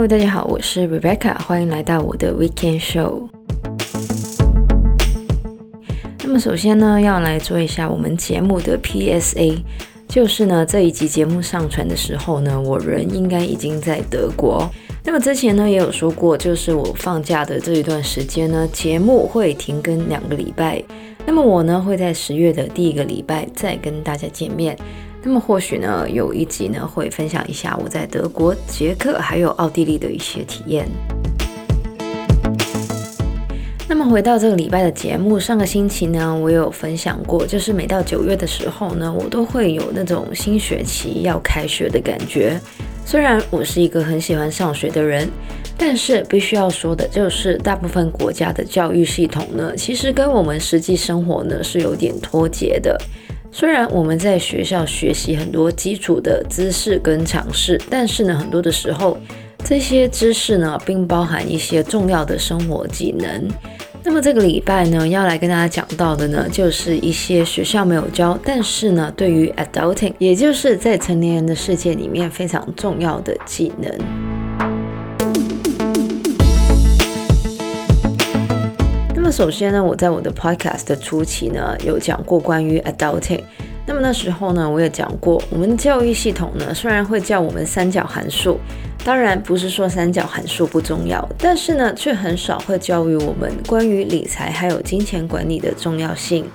Hello，大家好，我是 Rebecca，歡迎來到我的 Weekend Show。那麼首先呢，要來做一下我們節目的 PSA，就是呢這一集節目上傳的時候呢，我人應該已經在德國。那麼之前呢也有說過，就是我放假的這一段時間呢，節目會停更兩個禮拜。那麼我呢會在十月的第一個禮拜再跟大家見面。那麼或許呢，有一集呢會分享一下我在德國、捷克還有奧地利的一些體驗。那麼回到這個禮拜的節目，上個星期呢我有分享過，就是每到九月的時候呢，我都會有那種新學期要開學的感覺。雖然我是一個很喜歡上學的人，但是必須要說的就是，大部分國家的教育系統呢，其實跟我們實際生活呢是有點脫節的。雖然我們在學校學習很多基礎的知識跟常識，但是呢，很多的時候，這些知識呢，並包含一些重要的生活技能。那麼這個禮拜呢，要來跟大家講到的呢，就是一些學校沒有教，但是呢，對於 adulting，也就是在成年人的世界裡面非常重要的技能。那首先呢，我在我的 podcast 的初期呢，有講過關於 adulting。那麼那時候呢，我也講過，我們的教育系統呢，雖然會教我們三角函數，當然不是說三角函數不重要，但是呢，卻很少會教育我們關於理財還有金錢管理的重要性。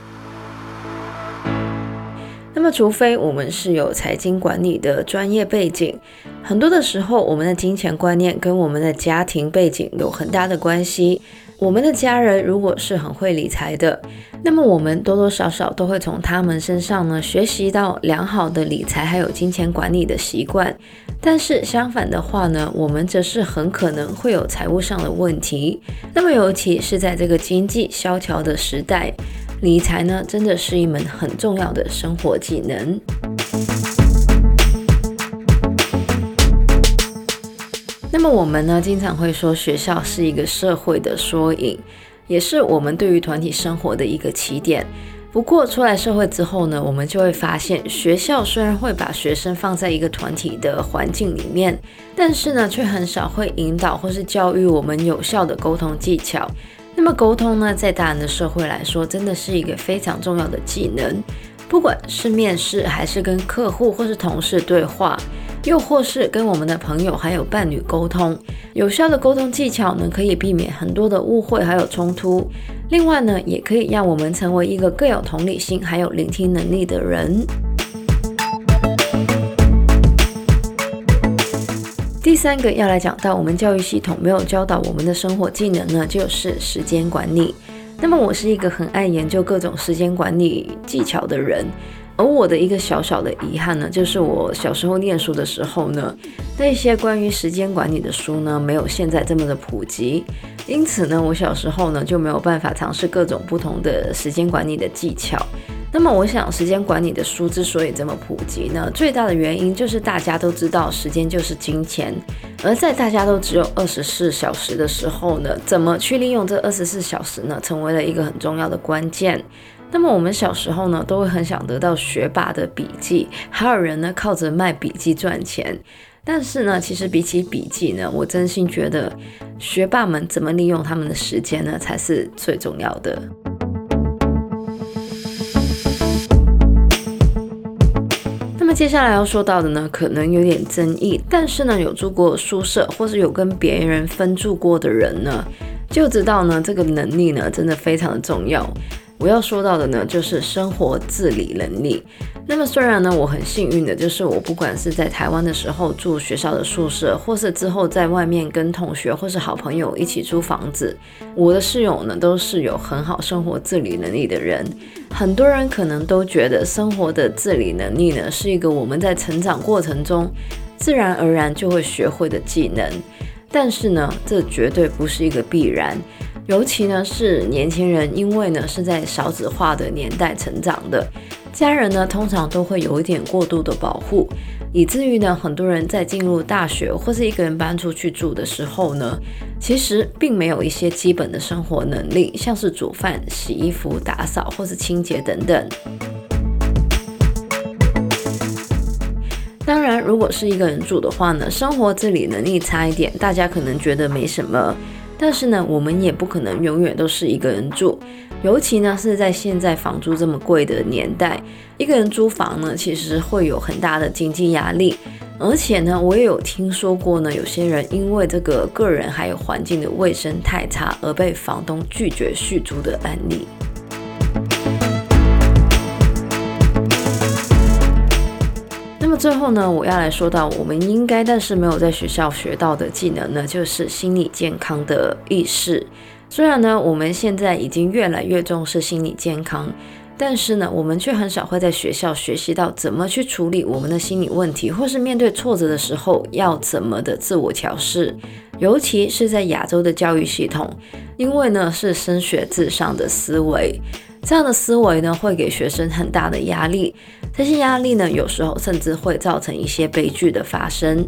那麼，除非我們是有財經管理的專業背景，很多的時候，我們的金錢觀念跟我們的家庭背景有很大的關係。我們的家人如果是很會理財的，那麼我們多多少少都會從他們身上呢學習到良好的理財還有金錢管理的習慣。但是相反的話呢，我們則是很可能會有財務上的問題。那麼，尤其是在這個經濟蕭條的時代。理財呢，真的是一門很重要的生活技能。那麼我們呢，經常會說學校是一個社會的縮影，也是我們對於團體生活的一個起點。不過出來社會之後呢，我們就會發現，學校雖然會把學生放在一個團體的環境裡面，但是呢，卻很少會引導或是教育我們有效的溝通技巧。那麼溝通呢，在大人的社會來說，真的是一個非常重要的技能。不管是面試，還是跟客戶或是同事對話，又或是跟我們的朋友還有伴侶溝通，有效的溝通技巧呢，可以避免很多的誤會還有衝突。另外呢，也可以讓我們成為一個更有同理心還有聆聽能力的人。第三個要來講到我們教育系統沒有教導我們的生活技能呢，就是時間管理。那麼我是一個很愛研究各種時間管理技巧的人，而我的一個小小的遺憾呢，就是我小時候念書的時候呢，那些關於時間管理的書呢，沒有現在這麼的普及，因此呢，我小時候呢就沒有辦法嘗試各種不同的時間管理的技巧。那麼我想，時間管理的書之所以這麼普及呢，最大的原因就是大家都知道時間就是金錢，而在大家都只有二十四小時的時候呢，怎麼去利用這二十四小時呢，成為了一個很重要的關鍵。那麼我們小時候呢，都會很想得到學霸的筆記，還有人呢靠着賣筆記賺錢。但是呢，其實比起筆記呢，我真心覺得學霸們怎麼利用他們的時間呢，才是最重要的。接下來要說到的呢，可能有點爭議，但是呢，有住過宿舍或是有跟別人分住過的人呢，就知道呢，這個能力呢，真的非常的重要。我要說到的呢，就是生活自理能力。那麼，雖然呢，我很幸運的，就是我不管是在台灣的時候住學校的宿舍，或是之後在外面跟同學或是好朋友一起租房子，我的室友呢都是有很好生活自理能力的人。很多人可能都覺得生活的自理能力呢是一個我們在成長過程中自然而然就會學會的技能，但是呢，這絕對不是一個必然，尤其呢是年輕人，因為呢是在少子化的年代成長的。家人呢，通常都會有一點過度的保護，以至於呢，很多人在進入大學或是一個人搬出去住的時候呢，其實並沒有一些基本的生活能力，像是煮飯、洗衣服、打掃或是清潔等等。當然，如果是一個人住的話呢，生活自理能力差一點，大家可能覺得沒什麼。但是呢，我們也不可能永遠都是一個人住，尤其呢是在現在房租這麼貴的年代，一個人租房呢，其實會有很大的經濟壓力。而且呢，我也有聽說過呢，有些人因為這個個人還有環境的衛生太差，而被房東拒絕續租的案例。最後呢，我要來說到我們應該但是沒有在學校學到的技能呢，就是心理健康的意識。雖然呢，我們現在已經越來越重視心理健康，但是呢，我們卻很少會在學校學習到怎麼去處理我們的心理問題，或是面對挫折的時候要怎麼的自我調試。尤其是在亞洲的教育系統，因為呢是升學至上的思維。這樣的思維呢，會給學生很大的壓力。這些壓力呢，有時候甚至會造成一些悲劇的發生。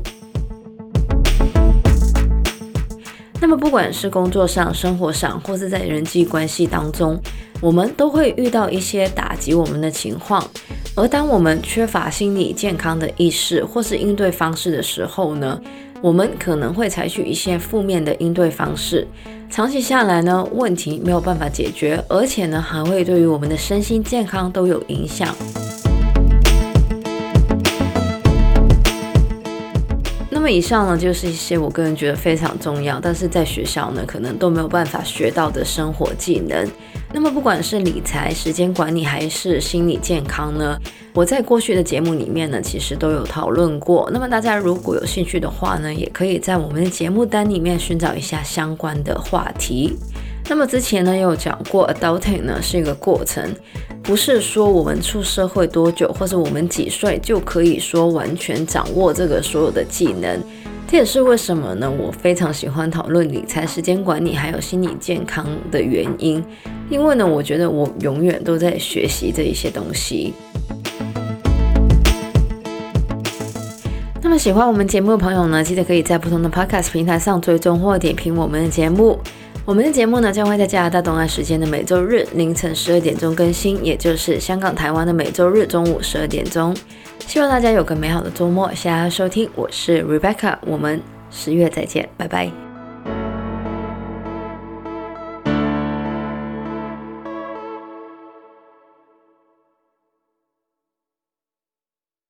那麼，不管是工作上、生活上，或是在人際關係當中，我們都會遇到一些打擊我們的情況。而當我們缺乏心理健康的意識或是應對方式的時候呢，我們可能會採取一些負面的應對方式，長期下來呢，問題沒有辦法解決，而且呢，還會對於我們的身心健康都有影響。那麼以上呢，就是一些我個人覺得非常重要，但是在學校呢，可能都沒有辦法學到的生活技能。那麼不管是理財、時間管理還是心理健康呢，我在過去的節目裡面呢，其實都有討論過。那麼大家如果有興趣的話呢，也可以在我們的節目單裡面尋找一下相關的話題。那麼之前呢，也有講過，adulting 呢是一個過程，不是說我們出社會多久或者我們幾歲就可以說完全掌握這個所有的技能。這也是為什麼呢，我非常喜歡討論理財、時間管理還有心理健康的原因。因為呢，我覺得我永遠都在學習這一些東西。那麼喜歡我們節目的朋友呢，記得可以在不同的 podcast 平台上追蹤或點評我們的節目。我們的節目呢，將會在加拿大東岸時間的每周日凌晨十二點鐘更新，也就是香港、台灣的每周日中午十二點鐘。希望大家有個美好的周末，謝謝大家收聽，我是 Rebecca，我們十月再見，拜拜。